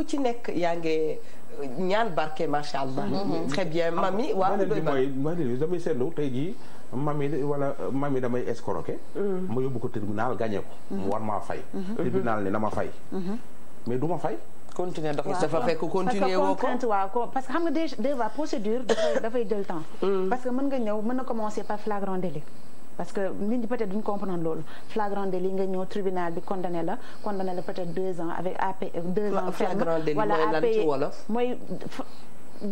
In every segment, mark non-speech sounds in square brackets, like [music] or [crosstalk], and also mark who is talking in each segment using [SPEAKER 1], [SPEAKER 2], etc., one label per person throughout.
[SPEAKER 1] ku ci nekk yaa ngi euh, ñaan barke macha allah. Mm-hmm. Mm-hmm. très
[SPEAKER 2] bien ah, mami waaw loolu mooy mooy damay seetlu tey jii mami wala mami damay mm. ma yóbbu ko tribunal gagné ko. mu mm-hmm. war maa fay. tribunal ni na ma fay. mais du ma fay.
[SPEAKER 3] continuer dox a fekk continuer woo ko parce que xam nga déjà procédure dafay dafay jël temps. Mm. parce que mën nga ñëw mën na commencer par flagrant délit. parce que nit ñi peut-être duñ comprendre loolu flagrant délit nga ñëw tribunal bi condamné la condamné la peut deux ans avec AP deux ans ferme wala AP mooy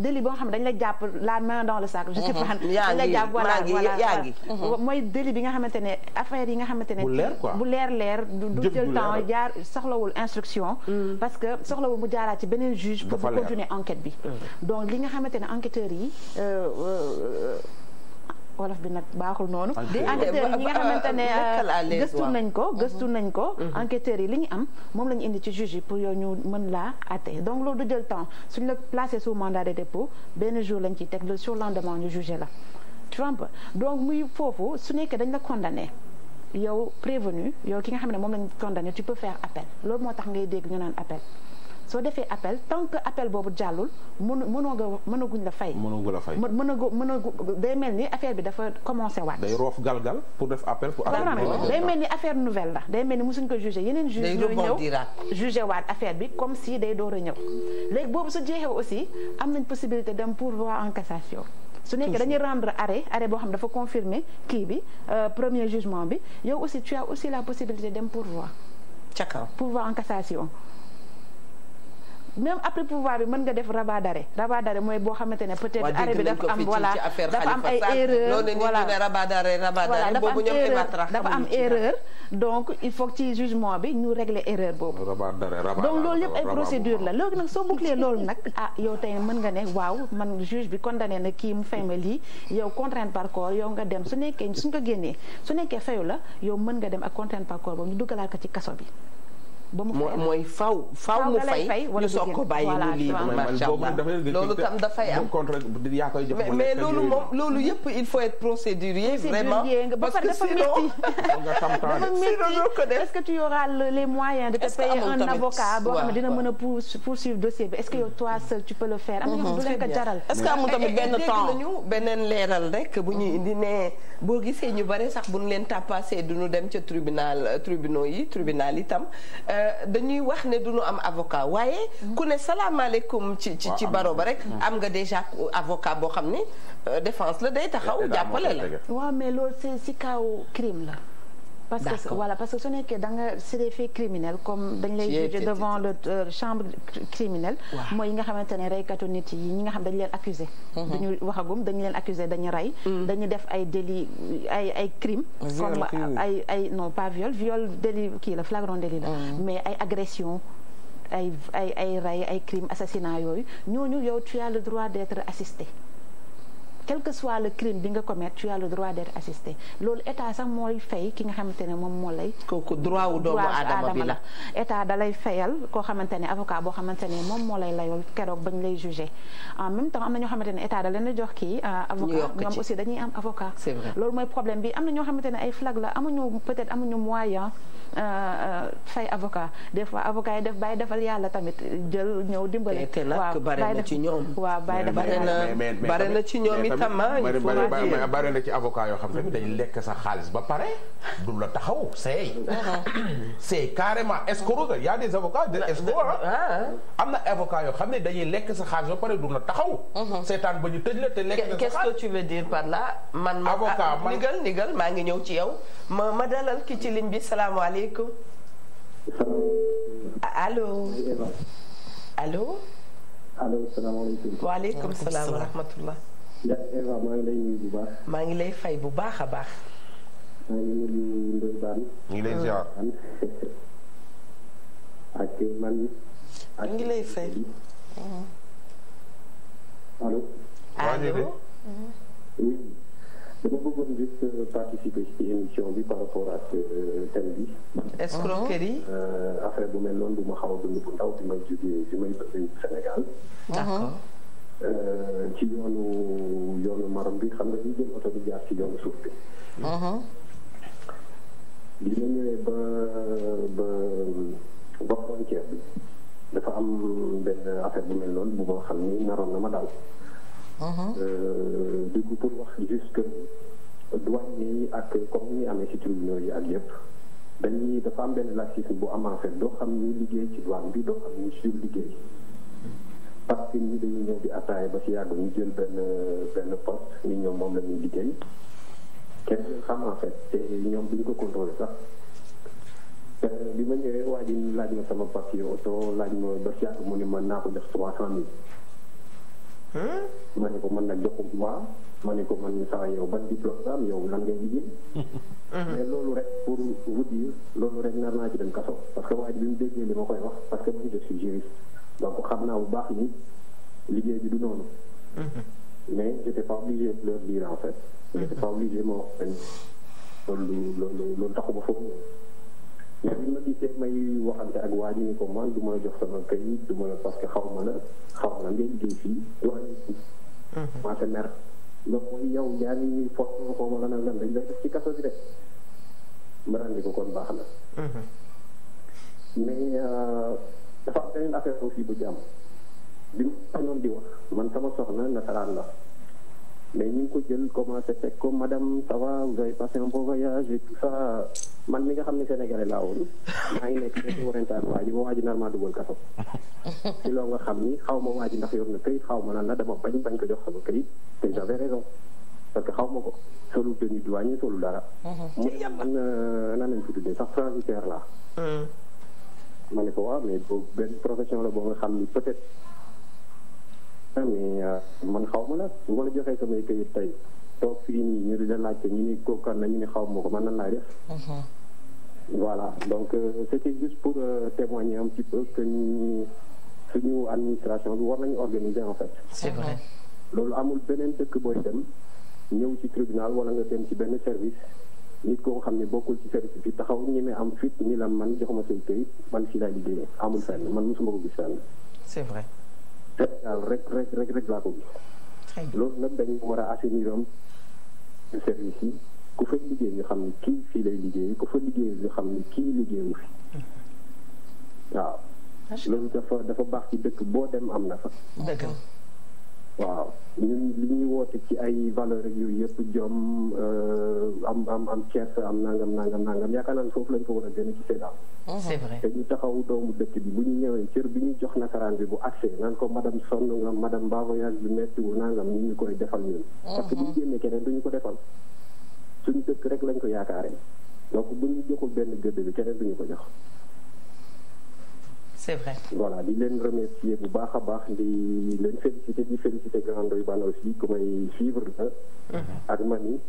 [SPEAKER 3] délit boo xam ne dañ jàpp la mhm. la jàpp voilà voilà mhm. mooy bi nga xamante ne affaire yi nga xamante ne bu leer leer du jël temps jaar soxlawul instruction mm. parce que soxlawul mu jaaraat ci beneen juge pour bu continuer enquête bi mm. donc li nga xamante ne enquêteurs yi euh,
[SPEAKER 4] euh,
[SPEAKER 3] wolof bi nag baaxul noonu enquêteurs yi ñi nga ah, xamante ne euh, mm-hmm. gëstu nañ ko gëstu nañ mm-hmm. ko enqueter yi li ñu am moom lañu indi ci juge yi pour yow ñu mën laa atte donc loolu du jël temps suñ la placé sous mandat de dépôt benn jour lañ ci teg le lendement ñu jugé la Trump donc muy foofu su nekkee dañ la condamné yow prévenu yow ki nga xam ne moom lañ condamné tu peux faire appel loolu moo tax ngay dégg ñu naan appel soo defee appel tant que appel boobu jàllul mënu mënoo nga mënaguñ la fay. mënaguñ la fay mënagu mënagu day mel ni affaire bi dafa commencé waat. day
[SPEAKER 2] roof galgal pour def appel. pour affaire day mel
[SPEAKER 3] ni affaire nouvelle la day mel ni mosuñ ko jugé yeneen juge ñoo ñëw jugé waat affaire bi comme si day door a ñëw léegi boobu su jeexee aussi am nañ possibilité dem pourvoi en cassation. su nekkee dañuy rendre arrêt arrêt boo xam dafa confirmer kii bi euh, premier jugement bi yow aussi tu as aussi la possibilité dem pourvoi. ca kaw pourvoi en cassation. même après pouvoir bi mën nga def rabat d'arrêt rabat d'arrêt mooy boo xamante ne peut-être arrêt bi dafa am voilà dafa am ay erreur
[SPEAKER 1] voilà dafa am erreur
[SPEAKER 3] donc il faut ci jugement bi ñu régler erreur boobu
[SPEAKER 2] donc loolu yëpp ay procédure
[SPEAKER 3] la léegi nag soo boucler loolu nag ah yow tey mën nga ne waaw man juge bi condamné na kii mu fay ma lii yow contrainte par corps yow nga dem su nekkee suñ ko génnee su nekkee fayu la yow mën nga dem ak contrainte par corps boobu ñu duggalaat ko ci kaso bi ba mu fay mooy faaw faaw mu fay ñu soog
[SPEAKER 2] ko bàyyi mu libre macha allah loolu tam dafay am mais loolu moom
[SPEAKER 4] loolu
[SPEAKER 1] yëpp il faut être procédurier vraiment parce que sinon
[SPEAKER 3] [laughs] est-ce que tu auras les moyens de te payer un avocat boo xam ne dina mën a poursuivre dossier bi est-ce que yow toi seul tu peux le faire am na mm-hmm. du leen ko jaral est-ce que amul tamit eh, eh, benn eh, temps nañu beneen
[SPEAKER 1] leeral rek bu ñuy indi ne boo gisee ñu bare sax bu ñu leen tàppaasee du ñu dem ca tribunal tribunaux yi tribunal itam euh, Euh, dañuy wax ne du ñu am avocat waaye ku ne salaamaaleykum ci ci ci baro ba rek am nga déjà avocat boo xam ni euh, défense la day taxaw jàppale la
[SPEAKER 3] waaw mais loolu c'est si kaw crime la parce que voilà parce que su nekkee danga nga c'est des faits criminels comme dañ lay juger devant le euh, chambre criminelle mooy yi nga xamante ne reykatu nit yi ñi nga xam dañ leen accusé mhm. duñu waxagum dañ leen accusé dañu rey mhm. dañu def ay délit ay ay crime comme ay ay non pas viol viol délit kii la flagrant délit la mhm. mais ay agression ay ay ay rey ay crime assassinat yooyu ñoo ñu yow tu as le droit d'être assisté quel que soit le crime bi nga commettre tu as le droit d'être assisté loolu état sax mooy fay ki nga xamante ne moom moo lay. kooku
[SPEAKER 1] droit wu doomu aadama la
[SPEAKER 3] état da lay fayal koo xamante ne avocat boo xamante ne moom moo lay layool keroog bañ lay jugé en même temps am na ñoo xamante ne état da leen a jox kii. Euh, avocat ñoom aussi dañuy am avocat. loolu mooy problème bi am na ñoo xamante ne ay flag la amuñu peut-être amuñu moyen. fay euh, euh, avocat des fois avocat yi def bàyyi defal yàlla tamit jël ñëw dimbale. te nag bare na ci ñoom. waaw bàyyi defal yàlla mais bare na ci ñoom itam ah.
[SPEAKER 1] il faut
[SPEAKER 2] bare na ci avocat yoo xam ne dañ lekk sa xaalis ba pare du la taxaw seey. [coughs] seey carrément escroc y a des avocats de escroc ah, ah, ah. am na avocat yoo xam ne dañuy lekk sa xaalis ba pare du la taxaw. Mm-hmm. seetaan ba ñu tëj la te lekk sa qu'est-ce que tu veux dire par là man. avocat man nigal nigal maa ngi ñëw ci yow ma ma dalal ki ci ligne
[SPEAKER 1] bi salaamaaleykum salaamaaleykum allo
[SPEAKER 5] allo. allo salaamaaleykum. waaleykum salaam wa rahmatullah. Eva maa ngi lay nuyu bu baax.
[SPEAKER 1] maa ngi lay fay bu baax a baax.
[SPEAKER 5] maa ngi nuyu Ndoye Bane. ñu ngi lay ziar. [laughs] ak man. ak ngi lay fay. allo. Mm-hmm. allo. dama bëggoon juste euh, participer ci émission bi par rapport ak euh, thème bi. escroquerie. Ah euh, affaire bu mel noonu bu ma xaw a dund bu ndaw bi may jógee bi may bëgg Sénégal. ci yoonu yoonu maram bi xam nga ñu jël oto bi jaar
[SPEAKER 4] ci yoonu suuf bi. Uh-huh.
[SPEAKER 5] bi ma ñëwee ba ba ba frontière bi dafa am benn affaire bu mel noonu bu ma xam ni naroon na ma daal. Uh-huh. Euh, dégg pour wax juste douane yi ak comme ni ñu si ci tribunaux yi ak yëpp dañuy dafa am benn laxisme bu am en fait doo xam ñuy liggéey ci douane bi doo xam ñu que ñi dañuy ñëw di attaaya ba si yàgg ñu jël benn benn poste ñu ñoom moom la ñuy liggéey kenn xam en te ñoom duñ ko contrôler sax bi ma ñëwee waa ji laaj ma sama papier oto laaj ma ba ci yàgg mu ne mën naa ko def trois cent mille ma ne ko man nag joxum waa ma ne ko man saa yow ban ni nga am yow lan ngay liggéey. mais loolu rek pour vous dire loolu rek nar naa ci dem kaso parce que waaye bi mu déggee li ma koy wax parce que man je suis juriste donc xam naa bu baax ni liggéey bi du noonu. mais j' étais pas obligé leur dire en fait. j' étais pas obligé ma wax leen loolu loolu loolu taxu ba foofu. mais bi ma gisee may waxante ak waa ji ni ko man du jox sama këyit du ma la parce que xaw ma la xaw ma la ngay liggéey du ma mooy mhm. yow yaa la lan dañ la def ci kaso ma ràndi kon baax na mhm. mais euh, dafa am bu jàmm bi mu man sama soxla nasaraan la mais ñu ngi ko jël commencé teg ko madame ça va vous avez voyage et tout man mi nga xam ne Sénégalais laa woon maa ngi nekk ci warantaan waa ji ba waa ji nar maa dugal kaso ci loo nga xam ni xaw ma waa ndax yor na këyit xaw ma lan la dama bañ bañ ko jox sama këyit te j'avais raison parce que xaw ma ko solu tenue douanier solu dara
[SPEAKER 4] mhm. mu
[SPEAKER 5] man euh, nan lañ ko tuddee sax transitaire la hmm. ma ne ko waaw mais boobu benn profession la boo nga xam ni peut-être ah, euh, man xaw ma la bu ma la joxee samay këyit tey toog fii nii ñu di la laajte ñu ni kookan la ñu ni xaw ma ko man nan laay def mhm. voilà donc euh, c'était juste pour euh, témoigner un petit peu que ñu suñu administration war nañu organiser en fait. c'est vrai. loolu amul beneen dëkk booy dem ñëw ci tribunal wala nga dem ci benn service nit ko xam ne bokkul ci service bi taxaw ñemee am fit ni la man joxuma say këyit man fii laay liggéeyee amul fenn man mosuma ko gis fenn. c'est vrai. Sénégal rek rek rek rek laa ko gis. loolu nag dañu war a assainir service yi. ku fa liggéey nga xam ne kii fii lay liggéey ku fa liggéey nga xam ne kii liggéeyu fi waaw loolu dafa dafa baax ci dëkk boo dem am na fa waaw ñun li ñuy woote ci ay valeur ak yooyu yëpp jom euh, am am am kees am nangam nangam nangam yaakaar naa ne lañ ko war a gën a gisee mhm. te ñu taxaw doomu dëkk bi bu ñu ñëwee cër bi ñu jox nasaraan bi bu accès naan ko madame sonn nga madame ba voyage bi métti wu nangam ñu ñu koy defal ñun. Mhm. parce que bu ñu génnee keneen du ñu ko defal. suñu dëkk rek lañ ko yaakaare donc bu ñu joxul benn gëdd bi keneen ñu ko jox. c'est vrai. voilà di leen remercier bu baax a baax di leen féliciter di féliciter Grand Ndoye Bane aussi ku may suivre la. Mhm. ak mani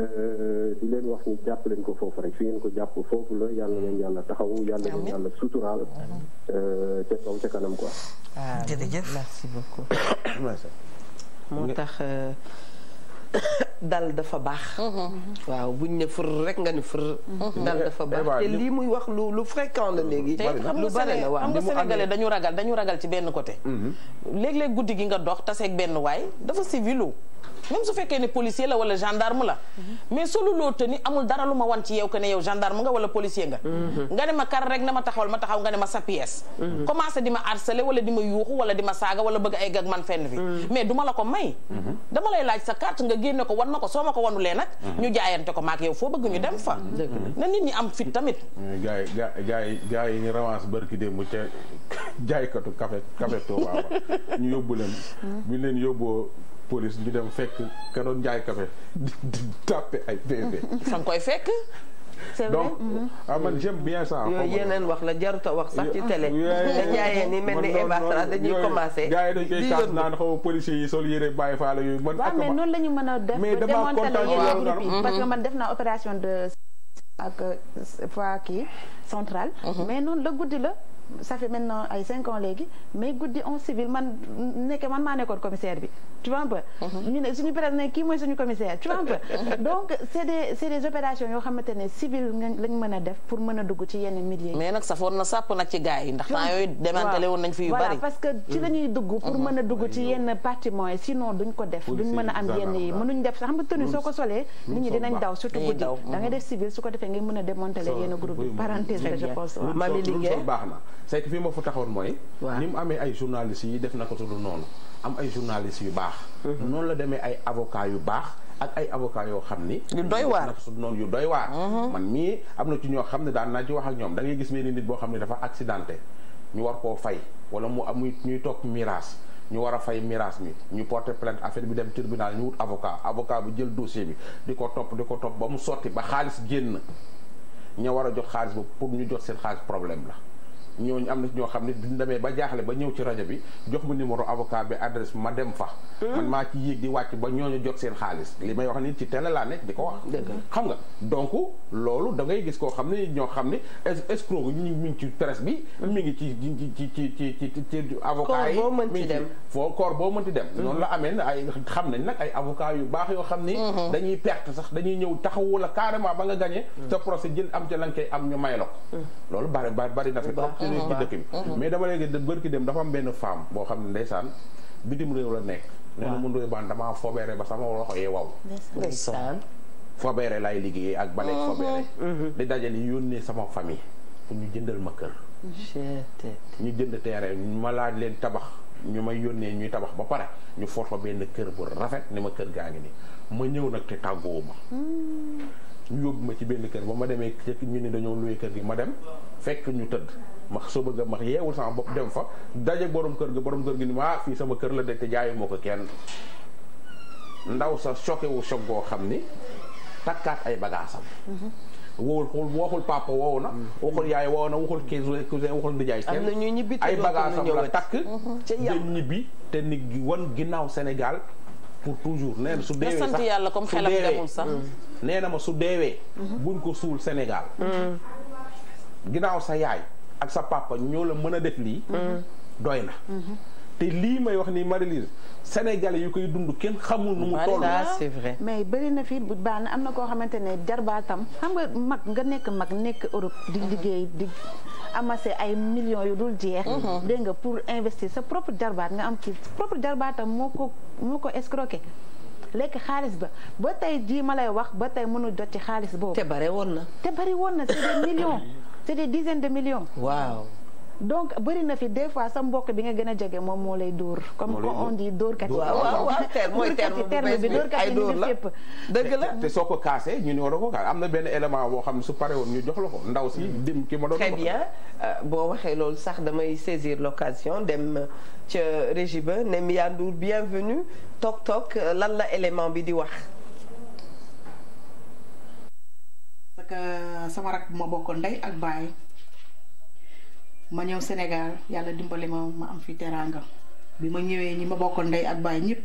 [SPEAKER 5] euh, di leen wax ni jàpp leen ko foofu rek fi ngeen ko jàpp foofu la yàlla leen yàlla taxaw yàlla leen yàlla suturaal euh, ca kaw ca kanam quoi.
[SPEAKER 1] jërëjëf [coughs] moo tax. Euh, [coughs] dal dafa baax. Mm-hmm. waaw buñ ne fur rek nga ni fur. Mm-hmm. dal dafa baax te lii muy wax lu lu fréquent la léegi. lu bare la waaw am nga sénégalais dañu ragal dañu ragal
[SPEAKER 3] ci benn côté. Mm-hmm. léeg-léeg guddi gi nga dox taseeg benn waay dafa civilu. même su fekkee ne policier la wala gendarme la mais solu loo tëni amul dara lu ma wan ci yow que ne yow gendarme nga wala policier nga mhm. nga ne ma kar rek na ma taxawal ma taxaw nga ne ma sa pièce
[SPEAKER 4] mhm. commencé
[SPEAKER 3] di ma harceler wala di ma yuuxu wala di ma saaga wala bëgg ay gag man fenn fi mhm. mais duma la ko may dama lay laaj sa carte nga génne ko wan ma ko soo ma ko wanulee nag ñu jaayante ko maak yow foo bëgg ñu dem fa na nit ñi am
[SPEAKER 2] fit tamit gaay gaay gaay yi ñu rawance bërki démb ca [laughs] jaaykatu café café Touba [laughs] ñu police ñu dem fekk ka doon jaay café di tàppe ay PV. fa
[SPEAKER 1] nga koy fekk. c'est vrai donc
[SPEAKER 4] mhm.
[SPEAKER 2] ah bien ça. yooyu yeneen wax la jaruta wax sax ci télé. da jaayee ni mel ni Eva Sall dañuy commencé. gars yi dañ koy kaas naan xaw policiers yi sol yére bàyyi faa la yooyu man.
[SPEAKER 3] Ah, a def. mais damaa kontaan ci parce que mhm. man def naa opération de. ak fois kii centrale. Mhm. mais noonu la guddi la. ça fait maintenant ay cinq léegi mais guddi en civil man nekke man maa nekkoon commissaire bi tu vois mhm. ñu ne kii mooy suñu commissaire tu vois [laughs] donc c' est des c' est des yoo xamante ne civil lañ mën a def pour a dugg ci yenn milieu mais nag safoon na sàpp nag ci gars ndax temps yooyu démantelé woon parce que ci la ñuy dugg pour mën a dugg ci mhm. yenn partiment yi sinon duñ ko def duñ mën a am yenn yi mënuñ def sax xam nga tenue soo ko solee nit ñi dinañ daw surtout guddi da def civil su ko defee
[SPEAKER 2] c'est que fii ma fa taxawoon mooy. ni mu amee ay journalistes yi def na ko tudd noonu am ay journalistes yu baax. Mm-hmm. noonu la demee ay avocats yu baax. ak ay avocat yoo xam ni. yu doy waar su noonu yu doy waar. Mm-hmm. man mii am na ci ñoo xam ne daan naa ci wax ak ñoom da gis benn nit boo xam ne dafa accidenté ñu war koo fay wala mu am ñuy toog miraas ñu war a fay miraas mi ñu porté plainte affaire bi dem tribunal ñu wut avocat avocat bu jël dossier bi di ko topp di ko topp ba mu sotti ba xaalis génn ña war a jot xaalis boobu pour ñu jot seen xaalis problème la. ñooñu am na ñoo xam ne duñ demee ba jaaxle ba ñëw ci rajo jox ma numéro avocat ma dem fa. Hmm? man maa ci di wàcc ba ñooñu jot seen xaalis may wax ni ci télé laa nekk di ko wax. xam nga donc loolu da ngay gis koo xam ne ñoo xam ne escroc ñu mi ci presse bi. Hmm. mi ngi ci ci ci ci ci ci avocat yi. foo koor boo mënti dem. Hmm. noonu la amee ay xam nañ nag ay avocat yu baax yoo xam ni. dañuy perte sax dañuy ñëw taxawu la carrément ba nga gagné. te procès jël am ca la nga am ñu may la loolu bari bari na fi trop. mais dama léegi bërki dem dafa am benn femme boo xam ne ndeysaan bitim réew la nekk nee na mun doy baan damaa fobeere ba sama woxo yee waw ndeysaan fobeere lay liggéeyee ak baleeg fobeere di dajale yónnee sama famille pour ñu jëndal ma kër ñu jënd terrain ma laaj leen tabax ñu may yónnee ñuy tabax ba pare ñu for fa benn kër bu rafet ni ma kër gaa ngi ni ma ñëw nag te tàggoo ñu yóbbu ma ci benn kër ba ma demee ñu ne dañoo luwee kër gi ma dem fekk ñu tëdd ma soo bëgg a ma yeewul sama bopp dem fa daje boroom kër gi boroom kër gi ni ma ah, fii sama kër la de te jaayu ko kenn ndaw sa choqué wu choc goo xam ni takkaat ay bagaasam mm-hmm. wowul xool waxul papa wow na. Mm-hmm. waxul yaay wow na waxul cousin waxul nijaay. am na ñuy ñibbi te ay bagaasam la takk.
[SPEAKER 4] Mm-hmm. ca
[SPEAKER 2] ñibbi te ni wan ginnaaw senegal pour toujours nee na su deewee sax sant yàlla comme xelam demul mm. nee na ma su deewee. Mm-hmm. buñ ko suul Sénégal. Mm. ginnaaw sa yaay ak sa papa ñoo la mën a def lii. Mm. doy na. Mm-hmm. te lii may wax ni Marie-Lise sénégalais yu koy dund kenn xamul nu mu toll.
[SPEAKER 3] mais bëri na fi baax na am na koo xamante ne jarbaatam xam nga mag nga nekk mag nekk Europe di liggéey di amassé ay millions yu dul jeex. Mhm. dégg nga pour investir sa propre jarbaat nga am kii propre jarbaatam moo ko moo ko escroqué. lekk xaalis ba ba tey jii ma lay wax ba tey mënul jot ci xaalis boobu. te bare woon na. te bari woon na c'est des millions c'est des dizaines de millions. waaw. donc bëri na fi des fois sa mbokk bi nga gën a jege moom moo lay dóor. comme on dit dóor kat yi. waaw waaw terme [laughs] mooy terme bi dóor kat yi ñu ngi
[SPEAKER 2] fépp. dëgg la te soo ko kaasee ñu ne war a ko kaas am na benn élément boo xam ne su paree woon ñu jox la ko ndaw si dim ki ma doon. très bien euh, boo waxee loolu sax damay saisir l'occasion
[SPEAKER 1] dem ca régie ba ne Mia Ndour bienvenue toog toog lan la élément bi di
[SPEAKER 3] wax. parce que sama rak bu ma bokkoon ndey ak baay. ma ñëw Sénégal yàlla dimbali ma ma am fi teraanga bi ma ñëwee ñi ma bokkal ndey ak baay ñëpp.